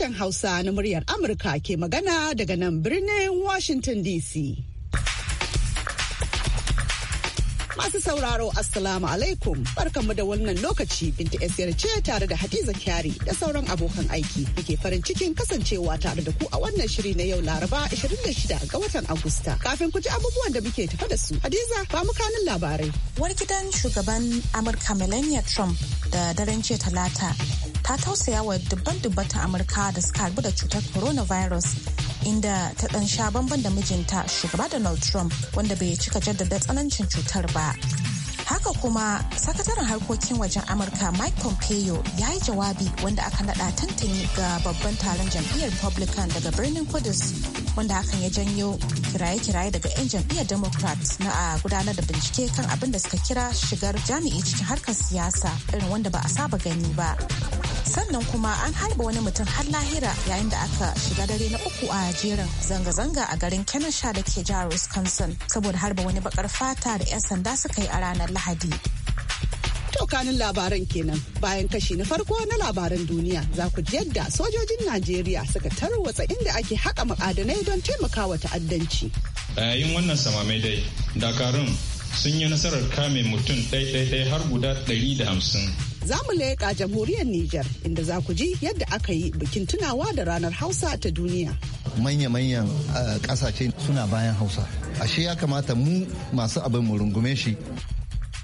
sashen Hausa na muryar Amurka ke magana daga nan birnin Washington DC. Masu sauraro Assalamu alaikum barkanmu da wannan lokaci Binta Esiyar ce tare da Hadiza Kyari da sauran abokan aiki muke farin cikin kasancewa tare da ku a wannan shiri na yau Laraba 26 ga watan Agusta. Kafin ku ji abubuwan da muke tafa da su, Hadiza ba mu kanin labarai. Wani gidan shugaban Amurka Melania Trump da daren ce talata ta tausaya wa dubban dubbatan amurka da suka harbu da cutar coronavirus inda ta dan sha bamban da mijinta shugaba donald trump wanda bai cika jaddada tsanancin cutar ba haka kuma sakataren harkokin wajen amurka mike pompeo ya yi jawabi wanda aka nada tantani ga babban taron jam'iyyar republican daga birnin kudus wanda hakan ya janyo kiraye-kiraye daga 'yan jam'iyyar democrat na a gudanar da bincike kan abin da suka kira shigar jami'i cikin harkar siyasa irin wanda ba a saba gani ba sannan kuma an harba wani mutum har lahira yayin da aka shiga dare na uku a jerin zanga-zanga a garin kenosha da ke jihar wisconsin saboda harba wani bakar fata da 'yan sanda suka yi a ranar lahadi Tokanin labaran kenan bayan kashi na farko na labaran duniya za ku ji yadda sojojin najeriya suka tarwatsa inda ake haka ma'adanai don taimakawa ta'addanci a yayin wannan samamai dai dakarun sun yi nasarar kame mutum ɗaiɗaiɗai har guda ɗari da hamsin za mu leƙa jamhuriyar Nijar inda za ku ji yadda aka yi bikin tunawa da ranar Hausa ta duniya. Manya-manyan ƙasashe suna bayan Hausa. Ashe ya kamata mu masu abin mu rungume shi.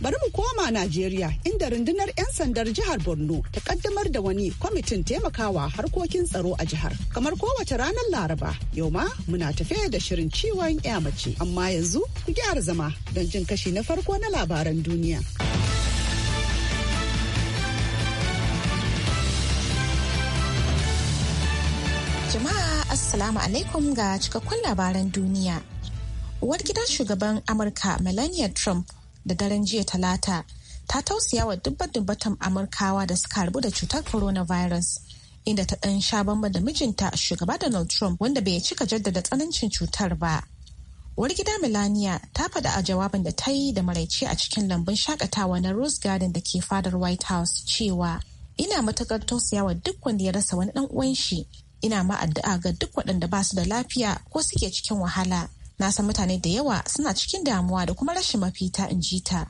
Bari mu koma Najeriya inda rundunar 'yan sandar jihar Borno ta kaddamar da wani kwamitin taimakawa harkokin tsaro a jihar. Kamar kowace ranar Laraba, yau ma muna tafe da shirin ciwon mace amma yanzu ku gyara zama don jin kashi na farko na labaran duniya. Assalamu alaikum ga cikakkun labaran duniya. Uwar gidan shugaban Amurka Melania Trump da daren jiya talata ta tausaya wa dubban-dubbatan Amurkawa da suka harbu da cutar coronavirus. Inda ta ɗan sha bamba da mijinta shugaba Donald Trump wanda bai cika jaddada tsanancin cutar ba. Uwar gida Melania ta faɗa a jawabin da ta yi da maraice a cikin lambun shakatawa na Rose Garden da ke fadar White House cewa ina matakar tausayawa duk wanda ya rasa wani ɗan uwan shi ina ma addu'a ga duk waɗanda ba su da lafiya ko suke cikin wahala na san mutane da yawa suna cikin damuwa da kuma rashin mafita in ji ta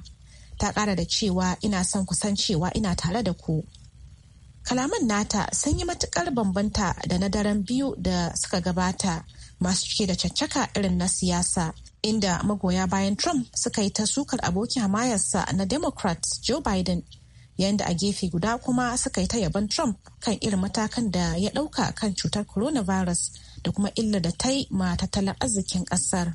ta ƙara da cewa ina son kusan cewa ina tare da ku kalaman nata sun yi matukar bambanta da na daren biyu da suka gabata masu cike da caccaka irin na siyasa inda magoya bayan trump suka yi ta sukar abokin hamayarsa na democrat joe biden yayin da a gefe guda kuma suka yi ta yaban trump kan irin matakan da ya ɗauka kan cutar coronavirus da kuma illa da ta yi ma tattalin arzikin ƙasar.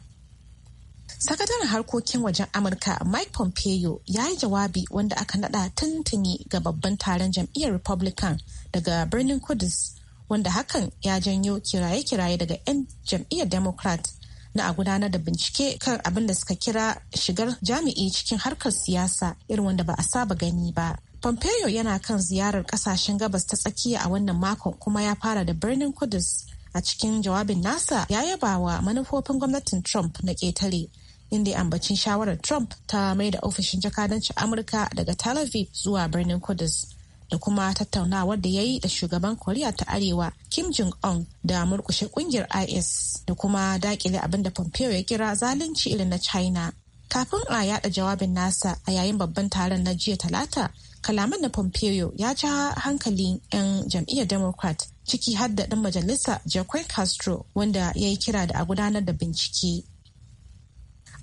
sakataren harkokin wajen amurka mike pompeo ya yi jawabi wanda aka nada tuntuni ga babban taron jam'iyyar republican daga birnin kudus wanda hakan ya janyo kiraye-kiraye daga 'yan jam'iyyar democrat na a gudanar da bincike kan abin da suka kira shigar jami'i cikin harkar siyasa irin wanda ba a saba gani ba Pompeo yana kan ziyarar kasashen gabas ta tsakiya a wannan makon kuma ya fara da birnin Kudus. A cikin jawabin nasa ya yabawa manufofin gwamnatin Trump na ƙetare, inda ambacin shawarar Trump ta mai da ofishin jakadancin Amurka daga Tel Aviv zuwa birnin Kudus. Da kuma tattaunawar da ya yi da shugaban Koriya ta Arewa Kim Jong-un da murkushe kungiyar IS da kuma dakile abin da Pompeo ya kira zalunci irin na China. Kafin a yada jawabin nasa a yayin babban taron na jiya talata kalaman na pompeo ya ja hankalin 'yan jam'iyyar democrat ciki har da ɗan majalisa jacqueline castro wanda ya yi kira da a gudanar da bincike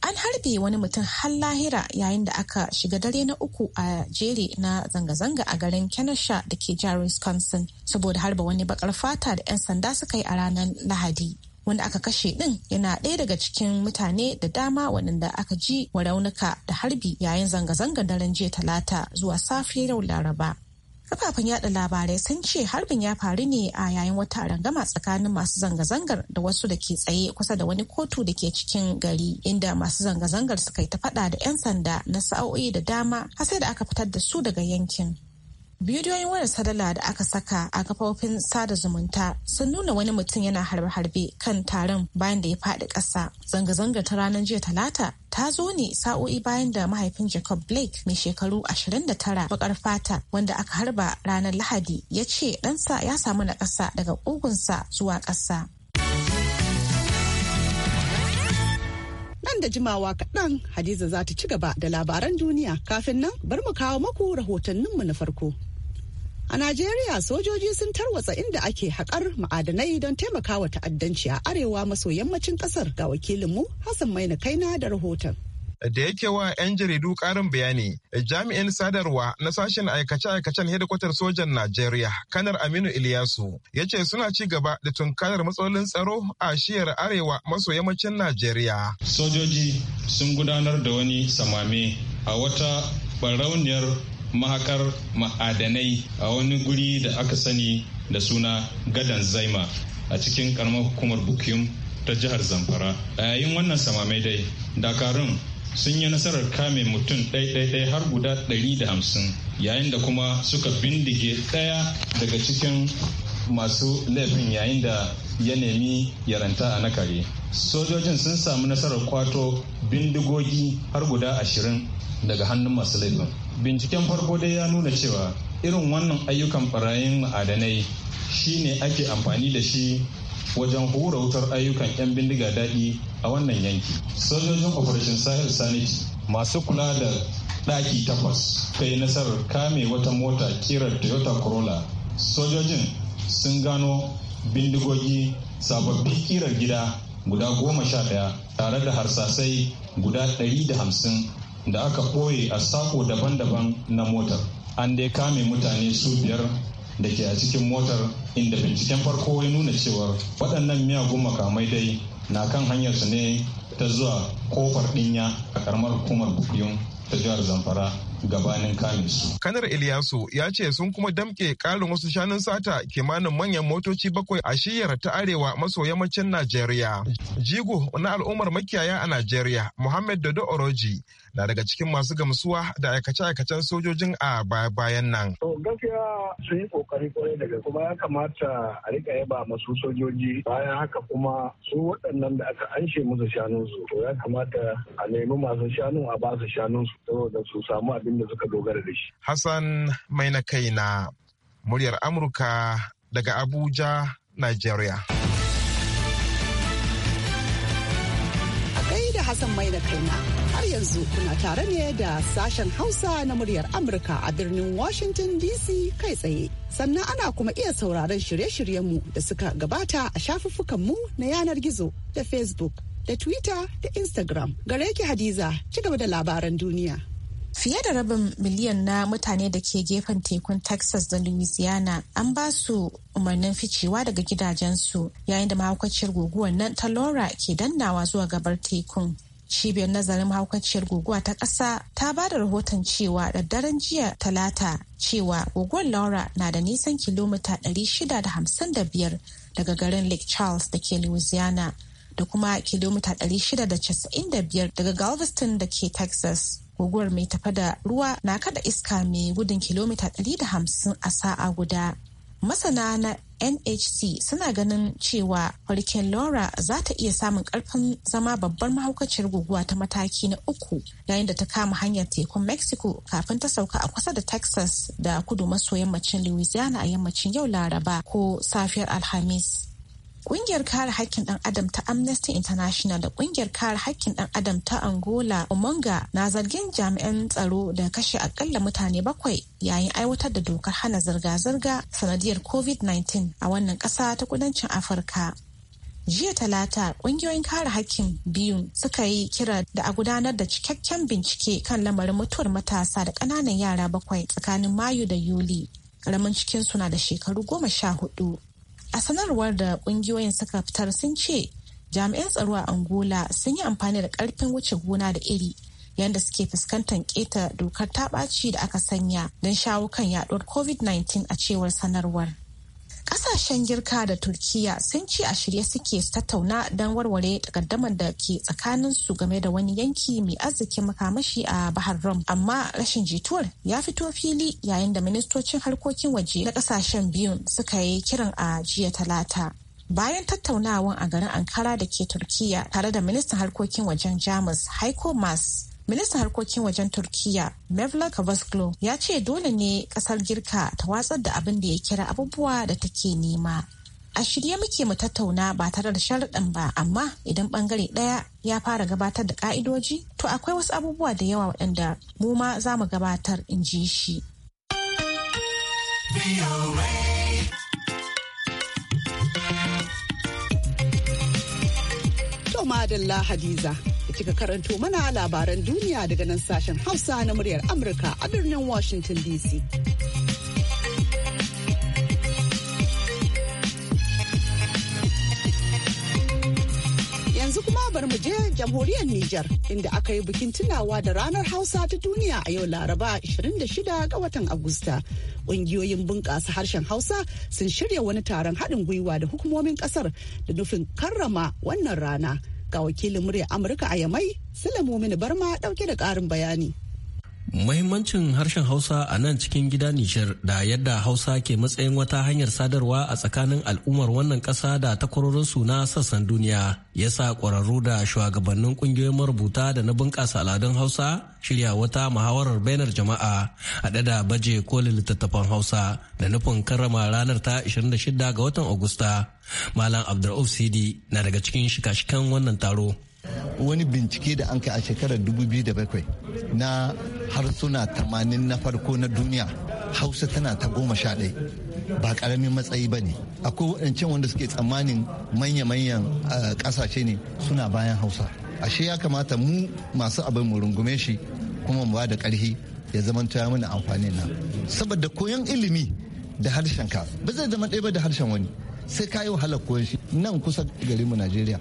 an harbe wani mutum har lahira yayin da aka shiga dare na uku a jere na zanga-zanga a garin kenosha da ke jihar wisconsin saboda harba wani bakar fata da 'yan sanda suka yi a ranar lahadi wanda aka kashe din yana ɗaya daga cikin mutane da dama waɗanda aka ji wa raunuka da harbi yayin zanga-zangar daren jiya talata zuwa safiyar yau laraba kafafen yada labarai sun ce harbin ya faru ne a yayin wata rangama tsakanin masu zanga-zangar da wasu da ke tsaye kusa da wani kotu da ke cikin gari inda masu zanga-zangar suka yi ta fada da 'yan sanda na sa'o'i da dama har sai da aka fitar da su daga yankin Bidiyoyin wani sadala da aka saka a kafofin sada zumunta sun nuna wani mutum yana harbe-harbe kan taron bayan da ya faɗi ƙasa. Zanga-zanga ta ranar jiya talata ta zo ne sa'o'i bayan da mahaifin Jacob Blake mai shekaru 29 bakar fata wanda aka harba ranar Lahadi ya ce ɗansa ya samu na ƙasa daga ƙugunsa zuwa ƙasa. nan da jimawa kaɗan Hadiza za ta ci gaba da labaran duniya kafin nan bar mu kawo maku rahotanninmu na farko. A Najeriya sojoji sun tarwatsa inda ake haƙar ma'adanai don taimakawa ta'addanci a arewa maso yammacin ƙasar ga wakilinmu Hassan Maina Kaina da rahoton. da yake wa 'yan jaridu ƙarin bayani jami'in sadarwa na sashen aikace-aikacen hedikwatar sojan najeriya kanar aminu Ilyasu, ya ce suna ci gaba da tunkarar matsalolin tsaro a shiyar arewa maso yammacin najeriya sojoji sun gudanar da wani samami a wata barauniyar mahakar ma'adanai a wani guri da aka sani da suna gadan zaima a cikin karamar hukumar bukiyum ta jihar zamfara a yayin wannan samamai dai dakarun sun yi nasarar kame mutum ɗaiɗaiɗai har guda ɗari da hamsin yayin da kuma suka bindige ɗaya daga cikin masu laifin yayin da ya nemi yaranta a nakare sojojin sun samu nasarar kwato bindigogi har guda ashirin daga hannun masu laifin binciken farko dai ya nuna cewa irin wannan ayyukan barayin ma'adanai shine ake amfani da shi wajen hura wutar ayyukan 'yan bindiga daɗi a wannan yanki sojojin operation sahel sanity masu kula da ɗaki takwas kai nasarar kame wata mota kirar toyota corolla sojojin sun gano bindigogi sababbi kirar gida guda goma sha ɗaya tare da harsasai guda ɗari da hamsin da aka ɓoye a sako daban-daban na motar an dai kame mutane su biyar da ke a cikin motar inda binciken farko ya nuna cewar waɗannan miyagun makamai dai na kan hanyar su ne ta zuwa kofar ɗinya a karamar hukumar bukiyun ta jihar zamfara gabanin kame su. kanar iliyasu ya ce sun kuma damke ƙarin wasu shanun sata kimanin manyan motoci bakwai a shiyar ta arewa maso yammacin najeriya jigo na al'ummar makiyaya a najeriya muhammad dodo oroji na daga cikin masu gamsuwa da aikace-aikacen sojojin a bayan nan. To gaskiya sun yi kokari kwarai daga kuma ya kamata a riƙa yaba masu sojoji bayan haka kuma su waɗannan da aka anshe musu shanun su to ya kamata a nemi masu shanun a ba su shanun su saboda su samu abin da suka dogara da shi. Hassan mai na kai na muryar Amurka daga Abuja, Nigeria. Hassan mai da kaina. yanzu kuna tare ne da sashen Hausa na muryar Amurka a birnin Washington DC kai tsaye. Sannan ana kuma iya sauraron shirye-shiryenmu da suka gabata a shafuffukanmu na yanar gizo da Facebook da Twitter da Instagram. Gare ki Hadiza, ci gaba da labaran duniya. Fiye da rabin miliyan na mutane da ke gefen tekun Texas da Louisiana an ba su umarnin ficewa daga gidajensu yayin da mahaukaciyar guguwar nan ta Laura ke dannawa zuwa gabar tekun. cibiyar nazarin haukaciyar guguwa ta ƙasa ta ba da rahoton cewa da daren jiya talata cewa guguwar laura na da nisan kilomita 655 daga garin lake charles da ke louisiana da kuma kilomita 695 daga galveston da ke texas guguwar mai tafa da ruwa na kada iska mai gudun kilomita 150 a sa'a guda Masana na NHC suna ganin cewa Hurricane Laura za ta iya samun karfin zama babbar mahaukaciyar guguwa ta mataki na uku yayin da ta kama hanyar tekun Mexico kafin ta sauka a kusa da Texas da kudu maso yammacin Louisiana a yammacin yau Laraba ko safiyar Alhamis. Kungiyar kare haƙƙin ɗan adam ta Amnesty International da kungiyar kare haƙƙin ɗan adam ta Angola omonga na zargin jami'an tsaro da kashe akalla mutane bakwai yayin aiwatar da dokar hana zirga-zirga sanadiyar COVID-19 a wannan ƙasa ta kudancin Afirka. jiya talata kungiyoyin kare hakkin biyu suka yi kira da a gudanar da cikakken bincike kan lamarin mutuwar matasa da ƙananan yara bakwai tsakanin mayu da yuli ƙaramin cikinsu na da shekaru goma sha hudu a sanarwar da kungiyoyin suka fitar sun ce jami'an tsaro a angola sun yi amfani da karfin wuce gona da iri yadda suke fuskantar keta dokar ta ɓaci da aka sanya don shawo kan yaɗuwar covid-19 a cewar sanarwar Kasashen Girka da Turkiya sun ci a shirye suke tattauna don warware takaddamar da ke tsakanin su game da wani yanki mai arzikin makamashi a Bahar Rum. Amma rashin jituwar ya fito fili yayin da ministocin harkokin waje na kasashen biyun suka yi kiran a jiya talata. bayan tattaunawan a garin ankara da ke turkiya tare da ministan harkokin wajen jamus heiko mas Ministan harkokin wajen Turkiyya Mevlut Cavusoglu ya ce dole ne kasar Girka ta watsar da abin da ya kira abubuwa da take nema. A shirye muke mu tattauna ba tare da sharaɗin ba amma idan bangare ɗaya ya fara gabatar da ƙa'idoji to akwai wasu abubuwa da yawa waɗanda mu ma za mu gabatar in ji shi. To Hadiza. kika karanto mana labaran duniya daga nan sashen Hausa na muryar Amurka a birnin Washington DC. yanzu kuma bar mu je jamhuriyar Nijar inda aka yi bikin tunawa da ranar Hausa ta duniya a yau Laraba 26 ga watan Agusta. Ƙungiyoyin bunƙasa harshen Hausa sun shirya wani taron haɗin gwiwa da hukumomin ƙasar da nufin karrama wannan rana. ga wakilin murya Amurka a Yamai, Sulemu Mini Barma dauke da ƙarin bayani. Muhimmancin harshen Hausa a nan cikin gida Nijar da yadda Hausa ke matsayin wata hanyar sadarwa a tsakanin al'ummar wannan ƙasa da takwarorinsu na sassan duniya ya sa ƙwararru da shugabannin ƙungiyoyin marubuta da na bunƙasa al'adun Hausa shirya wata muhawarar bainar jama'a haɗe da baje kolin littattafan Hausa da nufin karrama ranar ta 26 ga watan Agusta. Malam Abdulrauf Sidi na daga cikin shika-shikan wannan taro. wani bincike da an kai a shekarar 2007 na harsuna 80 na farko na duniya hausa tana ta goma sha ɗaya ba ƙaramin matsayi ba ne akwai waɗancan wanda suke tsammanin manya-manyan ƙasashe ne suna bayan hausa ashe ya kamata mu masu abin mu rungume shi kuma mu ba da ƙarfi ya zama ta mana amfani na saboda koyon ilimi da harshen ka ba zai zama ɗaya ba da harshen wani sai ka yi wahalar koyon shi nan kusa garinmu najeriya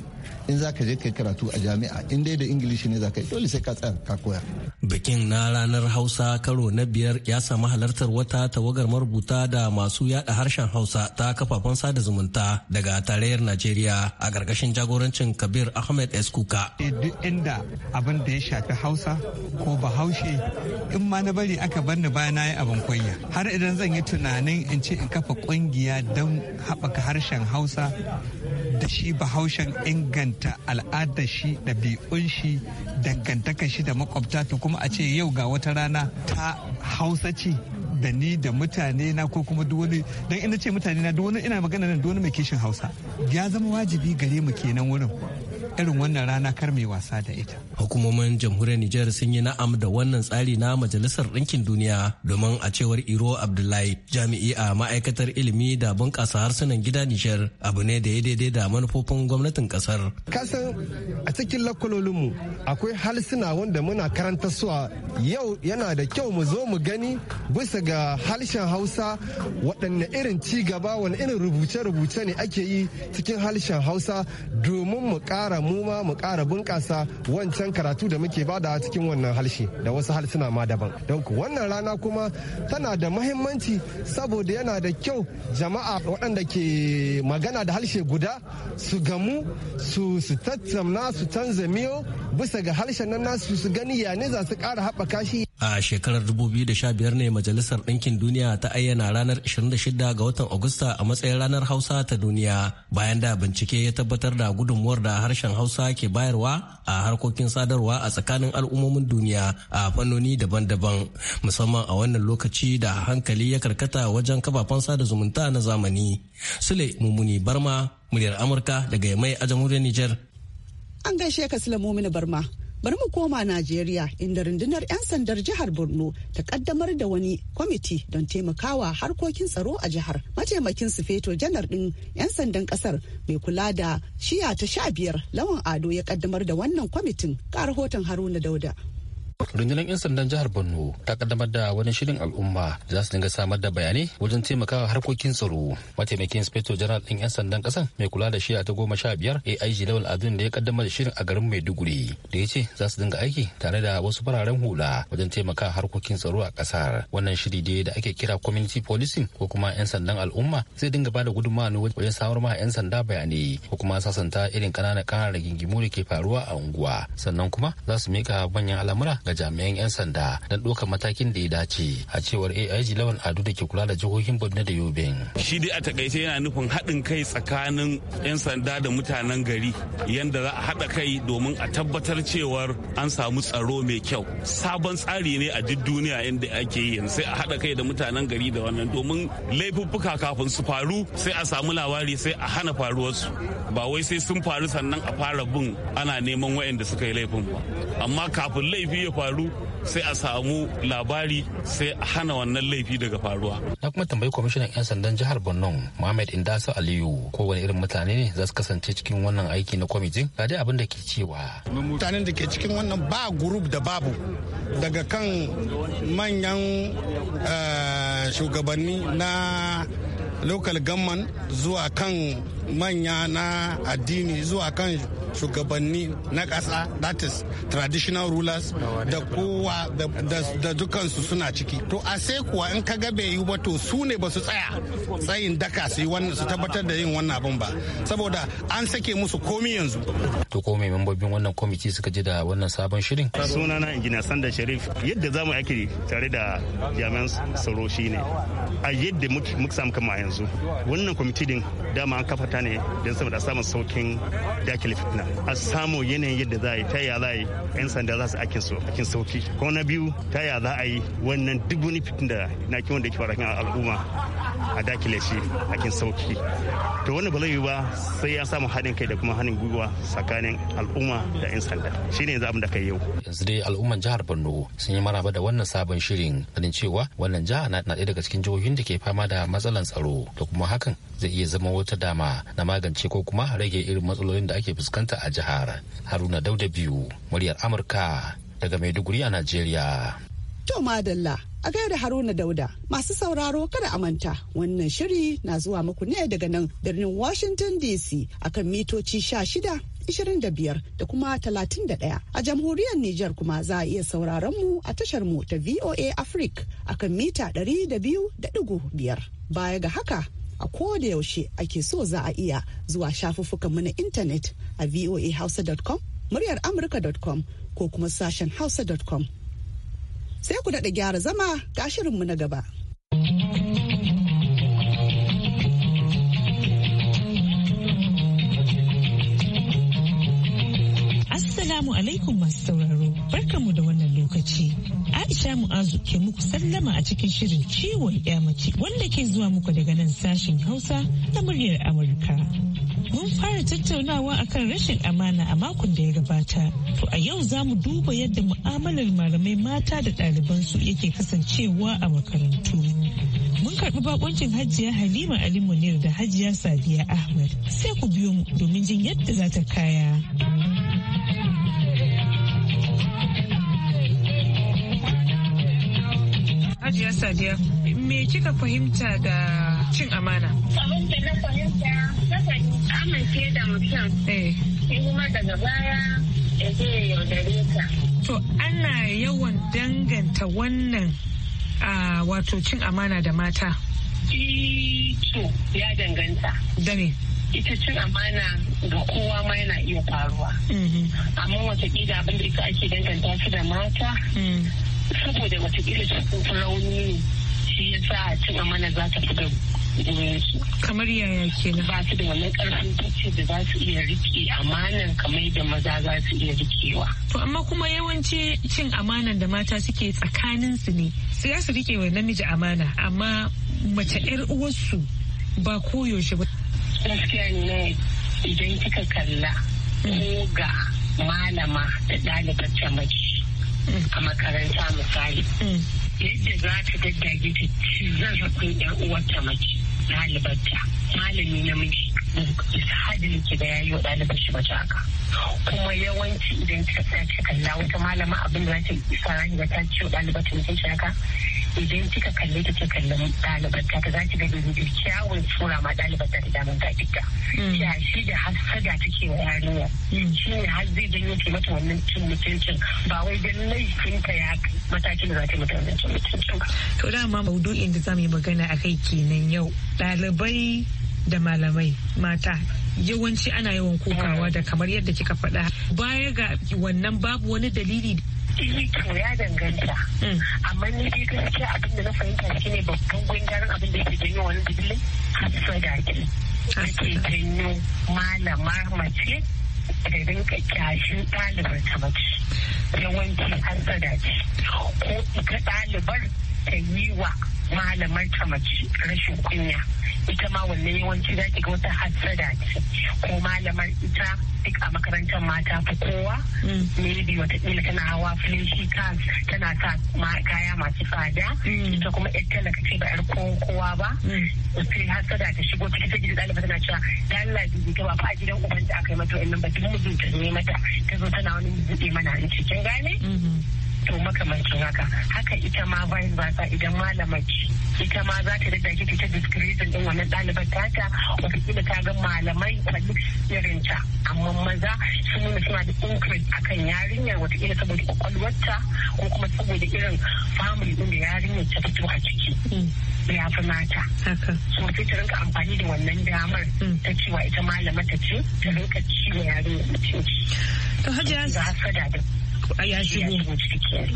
in za ka je kai karatu a jami'a in dai da ingilishi ne za ka yi dole sai ka tsaya ka koya. bikin na ranar hausa karo na biyar ya samu halartar wata tawagar marubuta da masu yada harshen hausa ta kafafen sada zumunta daga tarayyar najeriya a gargashin jagorancin kabir ahmed eskuka. Eh, duk inda abin da ya shafi hausa ko bahaushe in ma na bari aka bar ni bayan na yi abin kunya har idan zan yi tunanin in ce in kafa kungiya don haɓaka harshen hausa da shi bahaushen ingilishi danganta al'adar shi ɗabi'un shi dangantakar shi da makwabta to kuma a ce yau ga wata rana ta hausa ce da ni da mutane na ko kuma duk wani dan ina ce mutane na duk ina magana nan duk mai kishin hausa ya zama wajibi gare mu kenan wurin irin wannan rana kar mai wasa da ita. Hukumomin jamhuriyar Nijar sun yi na'am da wannan tsari na Majalisar Ɗinkin Duniya domin a cewar Iro Abdullahi jami'i a ma'aikatar ilimi da bunƙasa harsunan gida Nijar abu ne da ya daidai da manufofin gwamnatin ƙasar. Kasan a cikin lakwalolinmu akwai halsuna wanda muna karanta suwa yau yana da kyau mu zo mu gani bisa ga harshen Hausa waɗanne irin ci gaba wani irin rubuce-rubuce ne ake yi cikin harshen Hausa domin mu ƙara mu ma mu ƙara bunƙasa wancan karatu da muke bada cikin wannan harshe da wasu harsuna ma daban don wannan rana kuma tana da muhimmanci saboda yana da kyau jama'a waɗanda ke magana da harshe guda su gamu su su tattauna su canza miyo bisa ga harshen nan nasu su gani ya ne za su ƙara haɓaka shi A shekarar 2015 ne Majalisar Ɗinkin Duniya ta ayyana ranar 26 ga watan Agusta a matsayin ranar Hausa ta duniya bayan da bincike ya tabbatar da gudunmuwar da harshen Hausa ke bayarwa a harkokin sadarwa a tsakanin al'ummomin duniya a fannoni daban-daban musamman a wannan lokaci da hankali ya karkata wajen kafafen sada zumunta na zamani. Sule Mumuni Barma, muryar Amurka daga Yamai a jamhuriyar Nijar. An gaishe ka Sule Mumuni Barma. bari mu koma najeriya inda rundunar 'yan sandar jihar borno ta kaddamar da wani kwamiti don taimakawa harkokin tsaro a jihar mataimakin su feto janar din 'yan sandan kasar mai kula da shiya ta sha biyar lawan ado ya kaddamar da wannan kwamitin ka rahoton haruna dauda rundunar 'yan sandan jihar borno ta kaddamar da wani shirin al'umma za su dinga samar da bayanai wajen taimakawa harkokin tsaro mataimakin inspector general ɗin 'yan sandan ƙasar mai kula da shiya ta goma sha biyar aig lawal adun da ya kaddamar da shirin a garin maiduguri da ya ce za su dinga aiki tare da wasu fararen hula wajen taimakawa harkokin tsaro a ƙasar wannan shiri da da ake kira community policing ko kuma 'yan sandan al'umma zai dinga bada gudunmawa ne wajen samar ma 'yan sanda bayanai ko kuma sasanta irin ƙananan ƙananan rigingimu da ke faruwa a unguwa sannan kuma za su mika manyan al'amura ga jami'an 'yan sanda don doka matakin da ya dace a cewar AIG Lawan Ado da ke kula da jihohin Borno da Yobe. Shi dai a takaice yana nufin haɗin kai tsakanin 'yan sanda da mutanen gari yadda za a haɗa kai domin a tabbatar cewar an samu tsaro mai kyau. Sabon tsari ne a duk duniya inda ake yi sai a haɗa kai da mutanen gari da wannan domin laifuffuka kafin su faru sai a samu labari sai a hana faruwarsu ba wai sai sun faru sannan a fara bin ana neman wayanda suka yi laifin ba amma kafin laifi ya faru sai a samu labari sai a hana wannan laifi daga faruwa. Na kuma tambayi kwamishinan 'yan sandan jihar Borno Muhammad Indasu Aliyu kowane irin mutane ne za su kasance cikin wannan aiki na kwamitin ga dai abin da ke cewa. Mutanen da ke cikin wannan ba gurup da babu daga kan manyan eh, shugabanni na local government zuwa kan manya na addini zuwa kan shugabanni na ƙasa that is traditional rulers da kowa da dukansu suna ciki to a sai kuwa in ka ga bai yi ba to su ne ba su tsaya tsayin daka su yi tabbatar da yin wannan abin ba saboda an sake musu komi yanzu to ko mai membobin wannan komiti suka ji da wannan sabon shirin sunana injiniya sanda sharif yadda zamu aiki tare da jami'an tsaro shine a yadda muka samu kama yanzu wannan kwamiti din dama an kafa mata ne don saboda samun saukin dakile fitina a samu yanayin yadda za a yi ta ya za a yi yan sanda za su akin a akin sauki ko na biyu ta ya za a yi wannan duk wani fitina na kiwon da ke kan al'umma a dakile shi a kin sauki to wani ba zai ba sai ya samu haɗin kai da kuma hannun gwiwa tsakanin al'umma da 'yan sanda shine yanzu abin da kai yau yanzu dai al'umman jihar borno sun yi maraba da wannan sabon shirin ganin cewa wannan jihar na ɗaya daga cikin jihohin da ke fama da matsalan tsaro da kuma hakan zai iya zama wata dama na magance ko kuma rage irin matsalolin da ake fuskanta a jihar haruna dauda biyu muryar amurka daga maiduguri a najeriya To madalla a gaida Haruna Dauda masu sauraro kada a manta wannan shiri na zuwa muku ne daga nan birnin Washington DC akan mitoci sha shida 25 da kuma talatin da 31 a jamhuriyar Nijar kuma za a iya sauraron mu a tashar mu ta VOA Africa akan mita da da biyu biyar baya ga haka a koda yaushe ake so za a iya zuwa shafuffukanmu na intanet a voahausa.com muryar amurka.com ko kuma sashen hausa.com sai ku daɗa gyara zama ga shirinmu na gaba. Assalamu alaikum masu sauraro, barkamu da wannan lokaci. Aisha Mu'azu ke muku sallama a cikin shirin ciwon yamaci wanda ke zuwa muku daga nan sashen Hausa na muryar Amurka. Mun fara tattaunawa a kan rashin amana a makon da ya gabata. To a yau za mu duba yadda mu'amalar malamai mata da ɗalibansu yake kasancewa a makarantu. mun karɓi bakoncin hajiya halima ali munir da hajiya sadiya ahmed sai ku biyo mu domin jin yadda za ta kaya. Hajiya Sadiya me kika fahimta da cin amana? Abin da na fahimta na fahimta amince da mutum. Eh. kuma daga baya ya yaudare ka. To ana yawan danganta wannan a wato cin amana da mata. Ito ya danganta. Dame. Ita cin amana ga kowa ma yana iya faruwa. Mm-hmm. Amma wata abin da ake danganta shi da mata. Mm. saboda watakila cikin rauni ne shi ya sa cin amana za ta fi da eh, kamar yaya kenan ba su da wani karfin zuci da za su iya rike amanan kamar da maza za su iya rikewa to amma kuma yawanci cin amanan da mata suke tsakanin su ne su za su rike wa namiji amana amma mace yar uwarsu ba koyaushe ba gaskiya ne idan kika kalla ko ga malama da ɗalibar mace a makaranta misali mm. yadda za ta daddage ta ci zarafin yan uwarta mace ɗalibarta malami namiji hadin ki da yi wa ɗalibar shi mace haka kuma yawanci idan ta sa ta kalla wata malama abin da za ta isa ta ce wa ɗalibar ta shi haka idan kika kalli ta ce kallon ɗalibar ta ta zaki gani da kyawun tsura ma ɗalibar ta da damun ta fita. Ya hmm. shi da hasada take wa yarinya. Hmm. Shi ne har zai janyo mata wannan cin mutuncin ba wai dan laifinta ya matakin da za ta yi mata wannan cin mutuncin ba. To dama maudu'in da za mu yi magana a kai kenan yau ɗalibai da malamai mata yawanci ana yawan kokawa hmm. da kamar yadda kika faɗa baya ga wannan babu wani dalili Eh to ya danganta. Mm. Amma ni dai gaskiya abin da na fahimta ne babban gwandarin abin da yake janyo wani dubilin hasada ce. Ake janyo malama mace ta rinka kyashin ɗalibar ta mace. Yawanci hasada ce. Ko ita ɗalibar ta yi wa malamar ta mace rashin kunya. ita ma wanne yawanci za ki ga wata hassada ce ko malamar ita duk a makarantar mata fi kowa mm. maybe watakila tana hawa fleshi cars tana sa kaya masu tsada mm. ita kuma yar talaka ce ba yar kowa ba mm. sai hassada ta shigo ciki ta gidan ɗaliba tana cewa ta Allah bibi ta ba fa a gidan ubanta aka yi mata wannan ba duk ta ne mata ta zo tana wani buɗe mana in cikin gane mm-hmm. to makamancin haka haka ita ma vice versa idan malamaci ita ma za ta daddake ta ta na ɗalibar tata wataƙila ta ga malamai a duk irin ta amma maza sun nuna suna da a akan yarinyar wataƙila saboda kwakwalwarta ko kuma saboda irin family ɗin da yarinyar ta fito a ciki. Mm. ya fi mata. So sai ta rinka amfani da wannan damar mm. ta cewa ita malama ta ce ta rinka ciwo yarinyar mutunci. To hajiya. Da hasada da ya shigo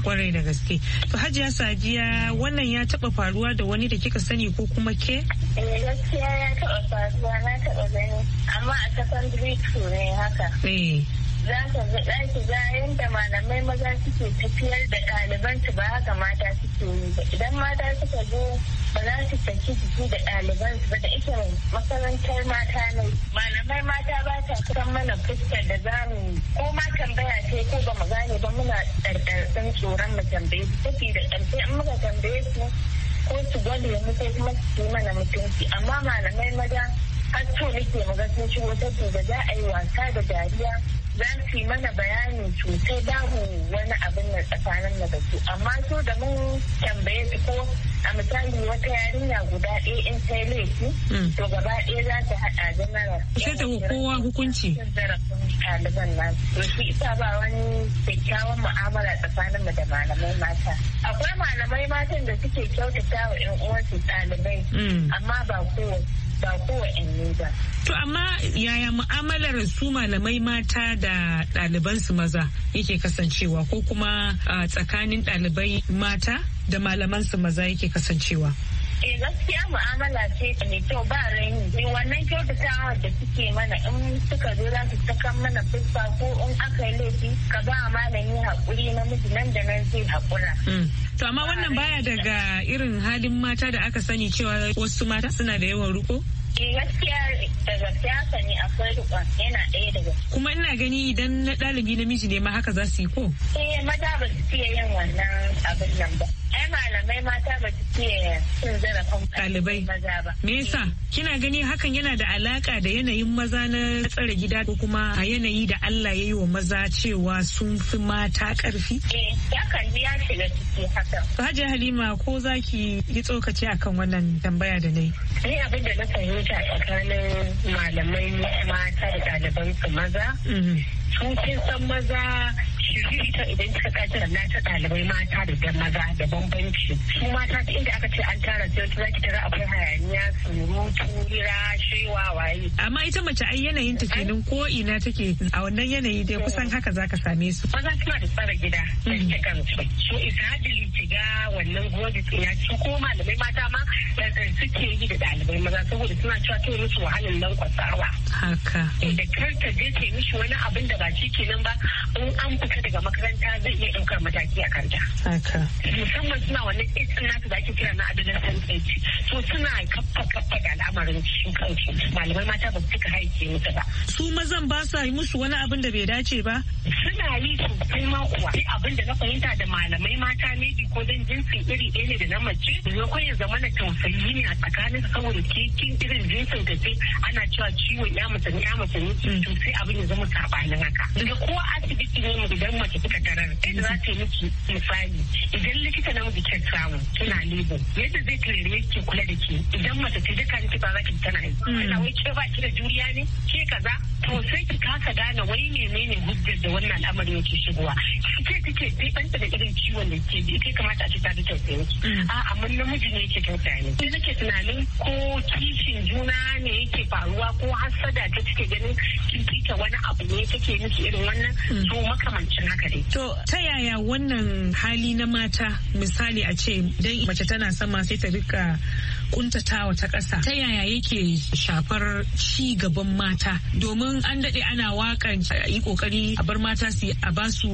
kwarai da gaske to hajiya sadiya wannan ya taba faruwa da wani da kika sani ko kuma ke eh, gaskiya ya taba faruwa na taba gani amma a secondary school ne haka eh. za ka ga ɗaki za yadda malamai maza suke tafiyar da ɗalibansu ba haka mata suke yi ba idan mata suka zo ba za su jiki da ɗalibansu ba da ita makarantar mata ne malamai mata ba ta kusan mana fuskar da za mu ko ma tambaya ce ko ba mu gane ba muna ɗarɗarɗin tsoron mu tambaye su tafi da ƙarfi in muka tambaye su ko su gwada mu sai kuma su yi mana mutunci amma malamai maza har to nake mu ga sun shigo da za a yi wasa da dariya za su yi mana bayani sosai babu wani abin na tsakanin da su amma so da mun tambaye su ko a misali wata yarinya guda ɗaya in ta laifi hmm. to gaba ɗaya za ta haɗa da mara sai ta kowa hukunci ɗaliban nan to isa ba wani kyakkyawan mu'amala tsakanin mu da malamai mata akwai malamai matan da suke kyautata wa 'yan uwansu ɗalibai hmm. amma ba kowa ba kowanne ba. To amma yaya mu'amalar su malamai mata da ɗalibansu maza yake kasancewa ko kuma ah, tsakanin ɗalibai mata da malamansu maza yake kasancewa? Eh gaskiya mu'amala ce mai kyau ba raini. Eh, wannan kyautatawa da suke mana in suka zo za su saka mana fuska ko in aka yi laifi ka ba malami haƙuri namiji nan da nan zai haƙura. Mm. To amma wannan baya daga irin halin mata da aka sani cewa wasu mata suna da yawan ruko? Eh, gaskiya daga siyasa ne akwai rikon yana ɗaya daga kuma ina gani idan na ɗalibi namiji ne ma haka za su yi ko eh maza ba su fiye yin wannan abin nan ba ai malamai mata ba su ce cin zarafin ɗalibai maza ba. Me yasa kina gani hakan yana da alaka da yanayin maza na tsare gida ko kuma a yanayi da Allah ya yi wa maza cewa sun fi mata ƙarfi? Eh, kalli ya shiga ciki hakan. Hajiya Halima ko za ki yi tsokaci akan wannan tambaya da na yi? Ni abin da na fahimta tsakanin malamai mata da ɗaliban su maza. Mhm. Sun san maza shi ta idan kika kajira na ta ɗalibai mata da dan maza da bambanci su mata da inda aka ce an tara sai za ki tara akwai hayaniya surutu hira shewa waye amma ita mace ai yanayin ta kenan ko ina take a wannan yanayi dai kusan haka zaka same su maza suna da tsara gida da rike kansu so isa da ki ga wannan gobe ya ci ko malamai mata ma suke yi da ɗalibai maza saboda suna cewa to musu wahalin nan kwasawa haka eh, da kar je ke mishi wani abin da ba shi kenan ba in an fita daga makaranta zai iya ɗaukar mataki a kanta. Musamman suna wannan ɗin nasu da ake kira na adolescent age. So suna kafa kafa da al'amarin cikin kansu malamai mata ba su cika haike musu ba. Su mazan ba sa yi musu wani abin da bai dace ba? Suna yi sosai ma kuwa. Duk abin da na fahimta da malamai mata ne bi ko dan jinsi iri ɗaya ne da na mace. kai ya zama na tausayi ne a tsakanin saboda kekin irin jinsin da ana cewa ciwon ya mutane ya mm. To sai abin ya zama saɓanin haka. Daga kowa asibiti ne mu da. idan mace tarar yadda za ta yi miki misali idan likita na miji kyan samu tana lebo yadda zai tarare ki kula da ke idan mace ta duka ni ba za ki tana yi Ina wai ke ba ki da juriya ne ke kaza to sai ki kasa gane wai menene hujjar da wannan al'amarin yake shigowa ke kike bibanta da irin ciwon da ke bi kai kamata a ce ta da ki hmm. a'a mun namiji ne yake tausaya ne sai nake tunanin ko kishin juna ne yake faruwa ko hasada ta cike ganin kin fita wani abu ne kake miki irin wannan hmm. to makamancin makamancin haka dai. To ta yaya wannan hali na mata misali a ce dan mace tana sama sai ta rika kuntatawa ta ƙasa ta yaya yake shafar ci gaban mata domin an daɗe ana wakan yi kokari a bar mata su a ba su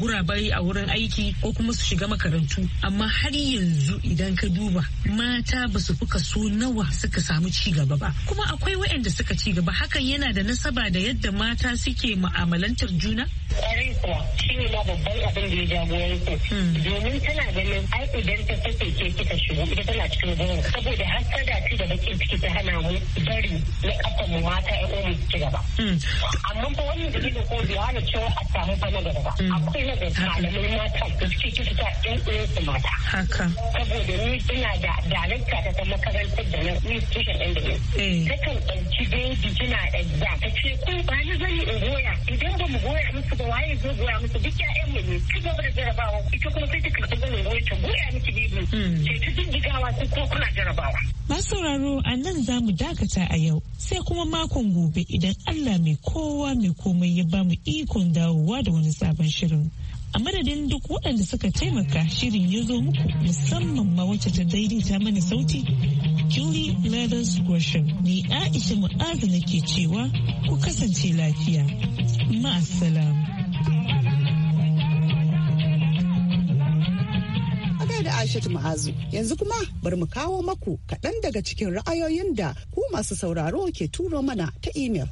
gurabai a wurin aiki ko kuma su shiga makarantu amma har yanzu idan ka duba mata ba su fi so nawa suka samu ci gaba ba kuma akwai waɗanda suka ci gaba hakan yana da nasaba da yadda mata suke ma'amalantar juna kwarai kuwa shi ne ma babban abin da ya jagoranku hmm. domin tana ganin ai idan ta ke kika shigo ita tana cikin gurin saboda da da ci da bakin ciki ta hana mu bari na ƙasa mu mata ya mu ci gaba. Hmm. Amma ko da dalilin ko bai hana cewa a samu fa na gaba hmm. Akwai na da malamai mata da suke ta ɗan su mata. Haka. Saboda ni ina da darakta ta ta makarantar da na institution ɗan da ni. Eh. kan ɗauki baby tana ɗaya. ta ce ko ba ni zan yi in goya idan ba mu goya musu ba waye zai goya musu duk ƴaƴan mu ne ci gaba da jarabawa ita kuma sai ta karɓi zanen goya ta goya miki baby. Sai hmm. ta jijjigawa ko kuna jarabawa. masu sauraro a nan za mu dakata a yau sai kuma makon gobe idan Allah mai kowa mai komai ya ba mu ikon dawowa da wani sabon shirin. A madadin duk waɗanda suka taimaka shirin ya zo muku musamman ma wacce ta daidaita mana sauti. Julie Leathers Gresham ni Aisha Mu'azu nake cewa ku kasance lafiya. Ma'asalam. Aishatu Ma'azu. Yanzu kuma bari mu kawo maku kaɗan daga cikin ra'ayoyin da ku masu sauraro ke turo mana ta imel.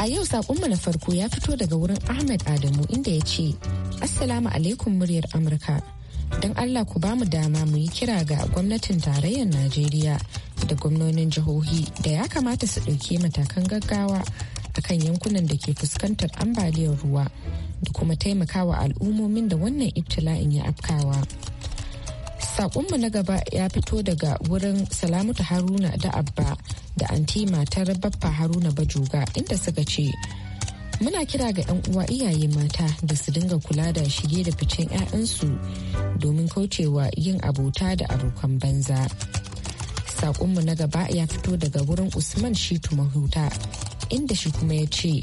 A yau saƙonmu na farko ya fito daga wurin Ahmed Adamu inda ya ce, Assalamu alaikum muryar Amurka. Don Allah ku ba mu dama mu yi kira ga gwamnatin tarayyar Najeriya da gwamnonin jihohi da ya kamata su ɗauki matakan gaggawa akan yankunan da ke fuskantar ambaliyar ruwa da kuma taimakawa al'ummomin da wannan ibtila'in ya afkawa. Sakonmu na gaba ya fito daga wurin Salamatu Haruna da Abba da anti matar Baffa Haruna Bajuga inda suka ce, Muna kira ga 'yan uwa iyaye mata da su dinga kula da shige da ficen 'ya'yansu domin kaucewa yin abota da abokan banza. Sakonmu na gaba ya fito daga wurin Usman Shitu Mahuta inda shi kuma ya ce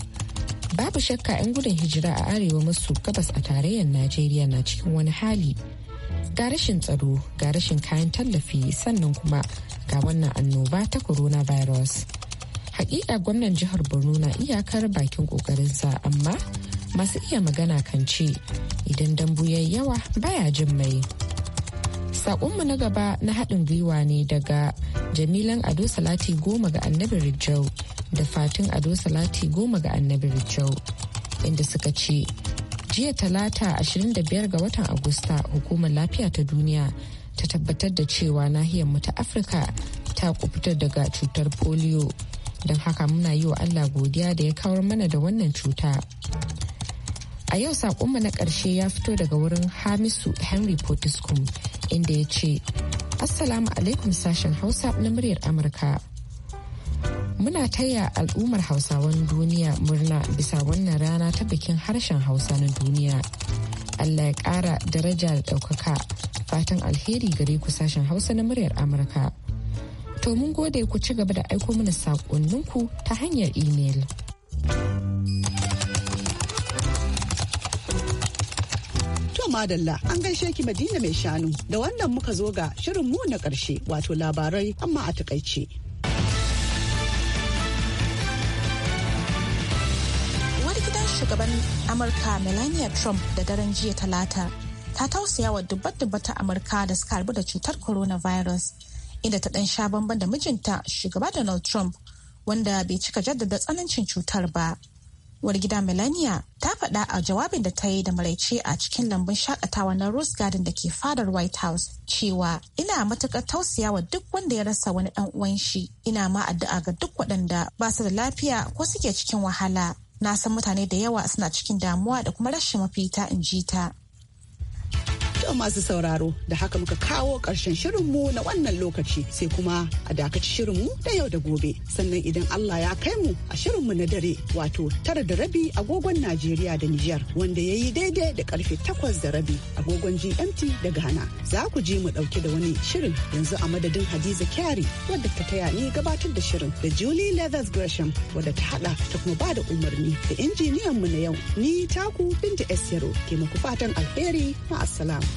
babu shakka 'yan gudun hijira a arewa maso gabas a tarayyar najeriya na cikin wani hali ga rashin tsaro ga rashin kayan tallafi sannan kuma ga wannan annoba ta coronavirus hakika gwamnan jihar borno na iyakar bakin kokarinsa amma masu iya magana kan ce idan dambu yayi yawa baya jin mai. Sakonmu na gaba na haɗin gwiwa ne daga Jamilan Ado Salati goma ga annabi Rijau da Fatin Ado Salati goma ga annabi Rijau inda suka ce jiya talata 25 ga watan Agusta hukumar lafiya ta duniya ta tabbatar da cewa nahiyar mu ta Afirka ta kubutar daga cutar polio don haka muna yi wa Allah godiya da ya kawar mana da wannan cuta. A yau saƙonmu na ƙarshe ya fito daga wurin Hamisu Henry Potiskum inda ya ce assalamu alaikum sashen hausa na muryar amurka muna taya al'ummar hausawan duniya murna bisa wannan rana ta bikin harshen hausa na duniya allah ya ƙara daraja da ɗaukaka fatan alheri gare ku sashen hausa na muryar amurka to mun gode ku ci gaba da aiko mana saƙonninku ta hanyar imel. madalla an gaishe ki Madina mai shanu da wannan muka zo ga shirin mu na karshe wato labarai amma a takaice. Uwar gidan shugaban Amurka Melania Trump da daren jiya talata ta tausaya wa dubbar ta Amurka da suka harbu da cutar coronavirus inda ta ɗan sha bamban da mijinta shugaba Donald Trump wanda bai cika jaddada tsanancin cutar ba. gida Melania ta faɗa a jawabin da ta yi da maraice a cikin lambun shakatawa na Rose Garden da ke fadar White House cewa ina matuƙar tausiya wa duk wanda ya rasa wani ɗan uwan shi ina ma addu'a ga duk waɗanda ba su da lafiya ko suke cikin wahala. Na san mutane da yawa suna cikin damuwa da kuma rashin mafita in ji ta. To masu sauraro da haka muka kawo ƙarshen shirinmu na wannan lokaci sai kuma a dakaci shirinmu da yau da gobe. Sannan idan Allah ya kai mu a shirinmu na dare wato tara da rabi agogon Najeriya da Nijar wanda ya yi daidai da karfe takwas da rabi agogon GMT da Ghana. Za ku ji mu ɗauke da wani shirin yanzu a madadin Hadiza Kyari wadda ta taya ni gabatar da shirin da Julie Leathers Gresham wadda ta haɗa ta kuma ba da umarni da injiniyanmu na yau ni taku Binta Esero ke muku fatan alheri ma'assalam.